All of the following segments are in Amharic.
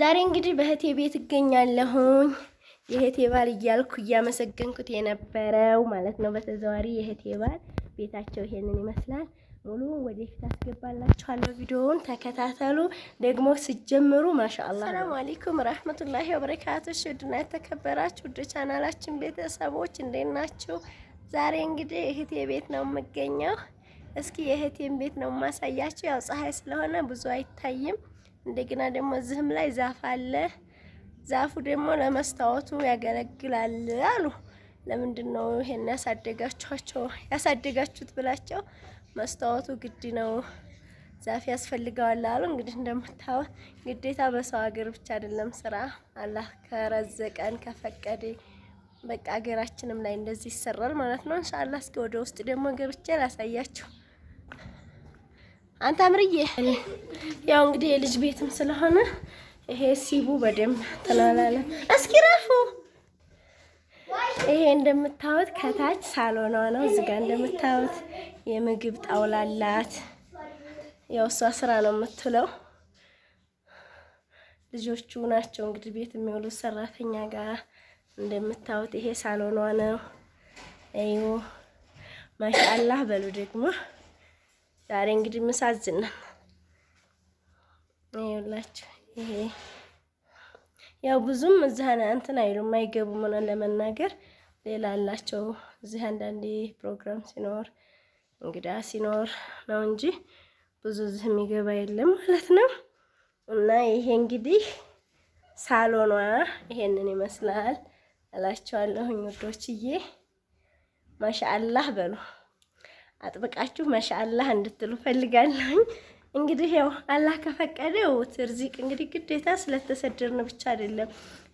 ዛሬ እንግዲህ በእህቴ ቤት እገኛለሁኝ። የእህቴ ባል እያልኩ እያመሰገንኩት የነበረው ማለት ነው። በተዘዋሪ የእህቴ ባል ቤታቸው ይሄንን ይመስላል። ሙሉ ወደፊት አስገባላችኋለሁ። ቪዲዮውን ተከታተሉ። ደግሞ ስጀምሩ ማሻአላ። ሰላም አለይኩም ረህመቱላሂ ወበረካቱሽ። ውድና የተከበራችሁ ውድ ቻናላችን ቤተሰቦች እንዴት ናችሁ? ዛሬ እንግዲህ እህቴ ቤት ነው የምገኘው። እስኪ የእህቴን ቤት ነው የማሳያችሁ። ያው ፀሐይ ስለሆነ ብዙ አይታይም እንደገና ደግሞ እዚህም ላይ ዛፍ አለ። ዛፉ ደግሞ ለመስታወቱ ያገለግላል አሉ። ለምንድን ነው ይሄን ያሳደጋችኋቸው ያሳደጋችሁት ብላቸው መስታወቱ ግድ ነው ዛፍ ያስፈልገዋል አሉ። እንግዲህ እንደምታው ግዴታ በሰው ሀገር ብቻ አይደለም ስራ አላህ ከረዘቀን ከፈቀደ በቃ ሀገራችንም ላይ እንደዚህ ይሰራል ማለት ነው። ኢንሻአላህ እስኪ ወደ ውስጥ ደግሞ ገብቼ ላሳያችሁ። አንተ አምርዬ፣ ያው እንግዲህ የልጅ ቤትም ስለሆነ ይሄ ሲቡ በደንብ ተላላለ። እስኪ ረፉ። ይሄ እንደምታዩት ከታች ሳሎኗ ነው። እዚህ ጋር እንደምታዩት የምግብ ጣውላ አላት። ያው እሷ ስራ ነው የምትውለው። ልጆቹ ናቸው እንግዲህ ቤት የሚውሉት ሰራተኛ ጋር። እንደምታዩት ይሄ ሳሎኗ ነው። አይዮ ማሻአላህ በሉ ደግሞ ዛሬ እንግዲህ ምሳዝነን ይኸውላችሁ ይሄ ያው ብዙም እዚህ እንትን አይሉም አይገቡም። ሆነን ለመናገር ሌላ አላቸው እዚህ አንዳንዴ ፕሮግራም ሲኖር እንግዳ ሲኖር ነው እንጂ ብዙ እዚህ የሚገባ የለም ማለት ነው። እና ይሄ እንግዲህ ሳሎኗ ይሄንን ይመስላል እላቸዋለሁኝ። ወዶችዬ ማሻአላህ በሉ። አጥብቃችሁ መሻአላህ እንድትሉ ፈልጋለሁኝ። እንግዲህ ያው አላህ ከፈቀደው ትርዚቅ እንግዲህ ግዴታ ስለተሰደርን ብቻ አይደለም።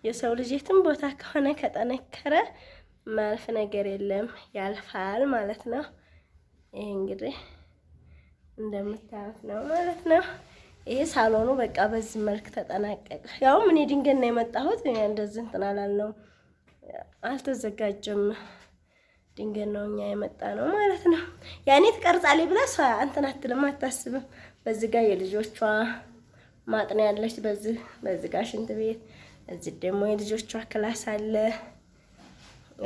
የሰው ልጅ የትም ቦታ ከሆነ ከጠነከረ ማልፍ ነገር የለም ያልፋል ማለት ነው። ይሄ እንግዲህ እንደምታዩት ነው ማለት ነው። ይሄ ሳሎኑ በቃ በዚህ መልክ ተጠናቀቀ። ያው እኔ ድንገት ነው የመጣሁት። እንደዚህ እንትን አላልነውም፣ አልተዘጋጀም ድንገት ነው እኛ የመጣ ነው ማለት ነው። ያኔ ትቀርጻለች ብላ እሷ እንትን አትልም፣ አታስብም። በዚህ ጋር የልጆቿ ማጥና ያለች በዚህ በዚህ ጋር ሽንት ቤት፣ እዚህ ደግሞ የልጆቿ ክላስ አለ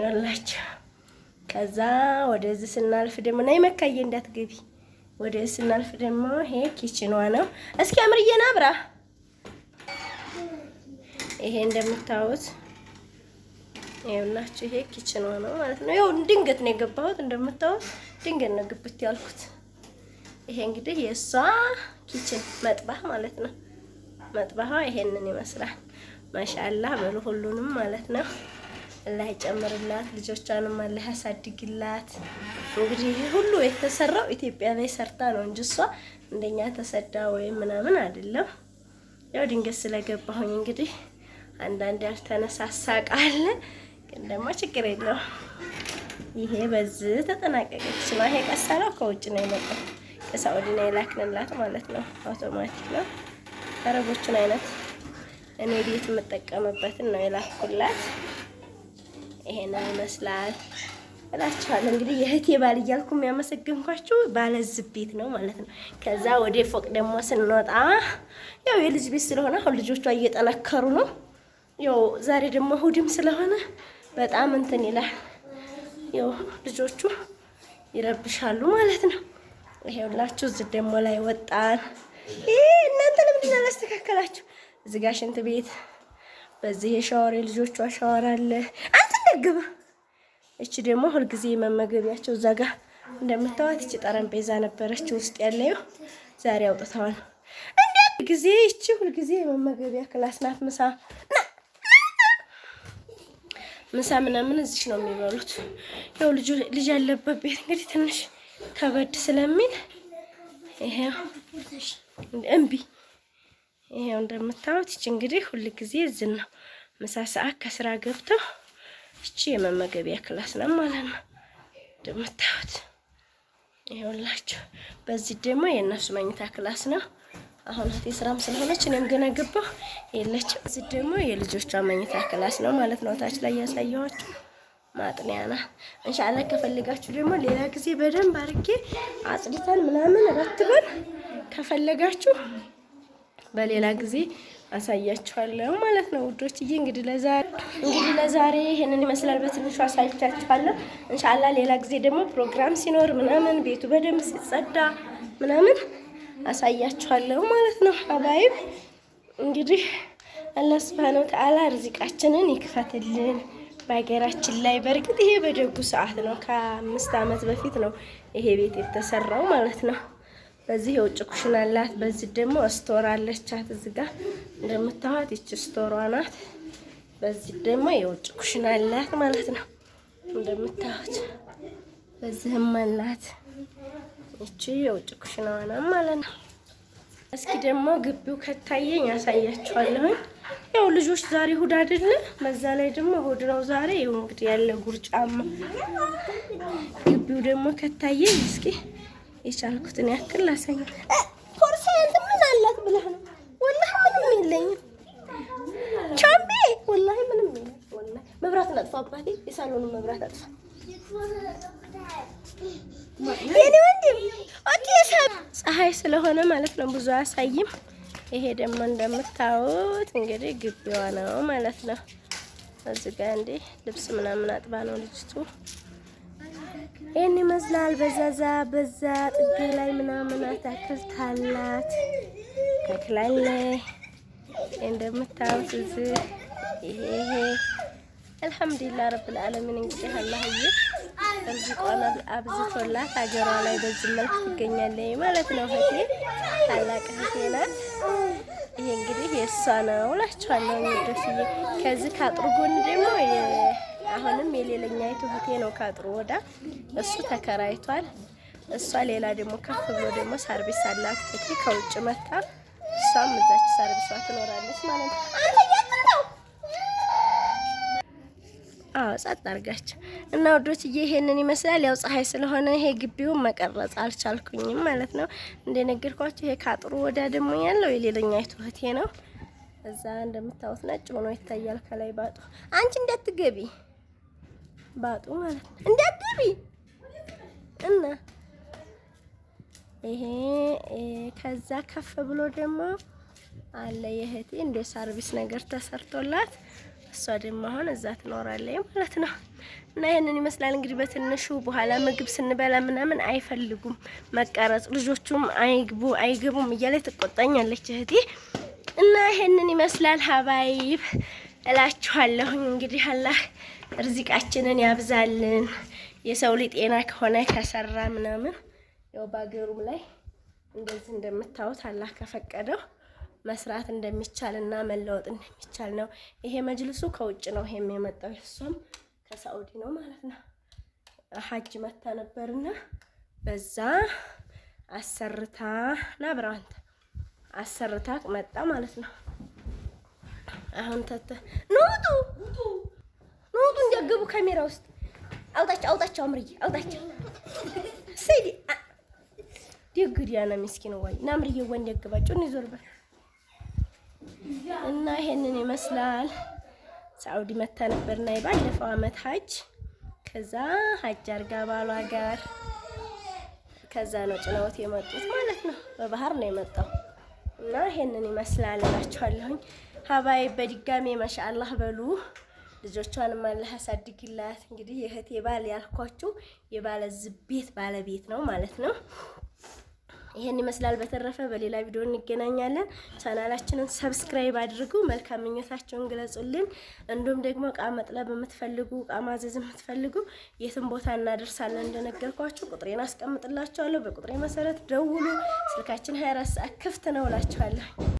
ያላቸው። ከዛ ወደዚህ ስናልፍ ደግሞ ናይ መካዬ እንዳትገቢ። ወደዚህ ስናልፍ ደግሞ ይሄ ኪችኗ ነው። እስኪ አምርዬና አብራ ይሄ እንደምታዩት ይኸውላችሁ ይሄ ኪችኗ ነው ማለት ነው። ይኸው ድንገት ነው የገባሁት እንደምታዩት ድንገት ነው ግብት ያልኩት። ይሄ እንግዲህ የእሷ ኪችን መጥባህ ማለት ነው። መጥባህ ይሄንን ይመስላል። ማሻአላህ በሉ ሁሉንም ማለት ነው። አላህ ይጨምርላት፣ ልጆቿንም አላህ ያሳድግላት። እንግዲህ ይሄ ሁሉ የተሰራው ኢትዮጵያ ላይ ሰርታ ነው እንጂ እሷ እንደኛ ተሰዳ ወይም ምናምን አይደለም። ያው ድንገት ስለገባሁኝ እንግዲህ አንዳንድ ያልተነሳሳ ቃል ግን ደግሞ ችግር የለው። ይሄ በዚህ ተጠናቀቀች። ስማ ይሄ ቀሰለው ከውጭ ነው የመጣው ከሳኡዲ ነው የላክንላት ማለት ነው። አውቶማቲክ ነው። አረቦቹን አይነት እኔ ቤት የምጠቀምበትን ነው የላኩላት። ይሄን ይመስላል እላችኋለሁ። እንግዲህ የእህቴ ባል እያልኩ የሚያመሰግንኳችሁ ባለዚህ ቤት ነው ማለት ነው። ከዛ ወደ ፎቅ ደግሞ ስንወጣ ያው የልጅ ቤት ስለሆነ አሁን ልጆቿ እየጠነከሩ ነው። ያው ዛሬ ደግሞ እሑድም ስለሆነ በጣም እንትን ይላል። ያው ልጆቹ ይረብሻሉ ማለት ነው። ይሄውላችሁ እዚህ ደግሞ ላይ ወጣን። ይሄ እናንተ ለምንድን ነው አላስተካከላችሁ? እዚህ ጋር ሽንት ቤት፣ በዚህ የሻወር ልጆቿ ሻወር አለ። አንተ ደግባ እቺ ደግሞ ሁልጊዜ መመገቢያቸው እዛ ጋር እንደምታዋት እቺ ጠረጴዛ ነበረች ውስጥ ያለው ዛሬ አውጥተዋል። እንዴት ጊዜ እቺ ሁልጊዜ መመገቢያ ክላስ ናት ምሳ ምሳ ምናምን እዚች ነው የሚበሉት። ያው ልጅ ያለበት ቤት እንግዲህ ትንሽ ከበድ ስለሚል ይሄው እምቢ። ይሄው እንደምታዩት ይች እንግዲህ ሁል ጊዜ እዝን ነው ምሳ ሰዓት ከስራ ገብተው እቺ የመመገቢያ ክላስ ነው ማለት ነው። እንደምታዩት ይኸውላችሁ፣ በዚህ ደግሞ የእነሱ መኝታ ክላስ ነው። አሁን እህቴ ስራም ስለሆነች እኔም ገና ገባሁ የለችም። እዚህ ደግሞ የልጆቿ መኝታ ክላስ ነው ማለት ነው። ታች ላይ ያሳየኋችሁ ማጥንያ ናት። እንሻላ ከፈለጋችሁ ደግሞ ሌላ ጊዜ በደንብ አድርጌ አጽድተን ምናምን ረትበን ከፈለጋችሁ በሌላ ጊዜ አሳያችኋለሁ ማለት ነው ውዶችዬ። እንግዲህ ለዛሬ እንግዲህ ለዛሬ ይሄንን ይመስላል። በትንሹ አሳይቻችኋለሁ። እንሻላ ሌላ ጊዜ ደግሞ ፕሮግራም ሲኖር ምናምን ቤቱ በደንብ ሲጸዳ ምናምን አሳያችኋለሁ ማለት ነው። አባይብ እንግዲህ አላህ ሱብሃነሁ ወተዓላ ርዚቃችንን ይክፈትልን በሀገራችን ላይ። በእርግጥ ይሄ በደጉ ሰዓት ነው። ከአምስት ዓመት በፊት ነው ይሄ ቤት የተሰራው ማለት ነው። በዚህ የውጭ ኩሽና አላት። በዚህ ደግሞ ስቶር አለቻት። እዚህ ጋር እንደምታዋት ይች ስቶሯ ናት። በዚህ ደግሞ የውጭ ኩሽና አላት ማለት ነው። እንደምታዋት በዚህም አላት። እቺ የውጭ ኩሽናዋ ናት ማለት ነው። እስኪ ደግሞ ግቢው ከታየኝ ያሳያችኋለሁኝ። ያው ልጆች ዛሬ እሑድ አይደለ? በዛ ላይ ደግሞ እሑድ ነው ዛሬ። ይኸው እንግዲህ ያለ ጉርጫማ ግቢው ደግሞ ከታየኝ እስኪ የቻልኩትን ያክል ላሳኝ። ፖርሳንት ምን አላት ብለህ ነው? ወላሂ ምንም የለኝም ቻምቤ፣ ወላሂ ምንም የለም። መብራት ነጥፋ አባቴ፣ የሳሎኑን መብራት አጥፋ ፀሐይ ስለሆነ ማለት ነው ብዙ አያሳይም። ይሄ ደግሞ እንደምታዩት እንግዲህ ግቢዋ ነው ማለት ነው። እዚህ ጋ እንዴ ልብስ ምናምን አጥባ ነው ልጅቱ። ይህን ይመስላል። በዛዛ በዛ ጥጌ ላይ ምናምን አትክልት አላት ተክላለች እንደምታዩት እዚህ ይሄ አልሐምዱሊላህ ረብል ዓለሚን እንግዲህ አላህዬ እርዚቋን አብዝቶላት ሀገሯ ላይ በዚህ መልክ ትገኛለች ማለት ነው። እህቴ ታላቅ እህቴ ናት። ይሄ እንግዲህ የእሷ ነው እላችኋለሁ። ደስዬ ከዚህ ካጥሩ ጎን ደግሞ አሁንም የሌለኛይቱ እህቴ ነው። ካጥሩ ወዳ እሱ ተከራይቷል። እሷ ሌላ ደግሞ ከፍ ብሎ ደግሞ ሰርቪስ አላት እህቴ ከውጭ መታ እሷም እዛች ሰርቪሷ ትኖራለች ማለት ነው። አዎ ጸጥ እና ወዶች ይሄንን ይመስላል። ያው ፀሐይ ስለሆነ ይሄ ግቢውን መቀረጽ አልቻልኩኝም ማለት ነው። እንደነገርኳችሁ ይሄ ካጥሩ ወዳ ደግሞ ያለው የሌለኛ ይቱህቴ ነው። እዛ እንደምታዩት ነጭ ሆኖ ይታያል ከላይ ባጡ። አንቺ እንዳትገቢ ባጡ ማለት ነው እንዳትገቢ እና ይሄ ከዛ ከፍ ብሎ ደግሞ አለ የእህቴ እንደ ሰርቪስ ነገር ተሰርቶላት እሷ ደግሞ አሁን እዛ ትኖራለች ማለት ነው። እና ይህንን ይመስላል እንግዲህ በትንሹ በኋላ ምግብ ስንበላ ምናምን አይፈልጉም መቀረጽ። ልጆቹም አይግቡ አይገቡም እያለች ትቆጣኛለች እህቴ። እና ይህንን ይመስላል ሀባይብ እላችኋለሁኝ። እንግዲህ አላህ ርዚቃችንን ያብዛልን። የሰው ልጅ ጤና ከሆነ ከሰራ ምናምን ያው በአገሩም ላይ እንደዚህ እንደምታዩት አላህ ከፈቀደው መስራት እንደሚቻል እና መለወጥ እንደሚቻል ነው። ይሄ መጅልሱ ከውጭ ነው ይሄም የመጣው እሷም ከሳኡዲ ነው ማለት ነው። ሀጅ መታ ነበርና በዛ አሰርታ ና ብራንት አሰርታ መጣ ማለት ነው። አሁን ተተ ኖቱ ኖቱ እንዲያገቡ ካሜራ ውስጥ አውጣቸው አውጣቸው፣ አምርዬ አውጣቸው። ሰይዲ ደግዲያና ሚስኪን ወይ ናምርዬ ወንድ ያገባጭ እንይዞርበት እና ይሄንን ይመስላል። ሳውዲ መታ ነበርና ባለፈው አመት ሀጅ ከዛ ሀጅ አርጋ ባሏ ጋር ከዛ ነው ጭነውት የመጡት ማለት ነው። በባህር ነው የመጣው እና ይሄንን ይመስላል እላችኋለሁኝ። ሀባይ በድጋሜ ማሻአላህ በሉ። ልጆቿንም አላህ ያሳድግላት። እንግዲህ የእህቴ ባል ያልኳችሁ የባለ ዝቤት ባለቤት ነው ማለት ነው። ይሄን ይመስላል። በተረፈ በሌላ ቪዲዮ እንገናኛለን። ቻናላችንን ሰብስክራይብ አድርጉ፣ መልካም ምኞታችሁን ግለጹልን። እንዲሁም ደግሞ እቃ መጥለብ የምትፈልጉ እቃ ማዘዝ የምትፈልጉ የትም ቦታ እናደርሳለን። እንደነገርኳችሁ ቁጥሬን አስቀምጥላችኋለሁ። በቁጥሬ መሰረት ደውሉ። ስልካችን 24 ሰዓት ክፍት ነው እላችኋለሁ።